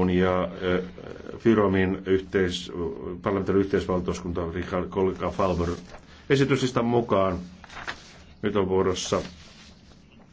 EUn ja Fyromin yhteis, parlamentaarinen yhteisvaltuuskunta Richard Kolka Falber esitysistä mukaan. Nyt on vuorossa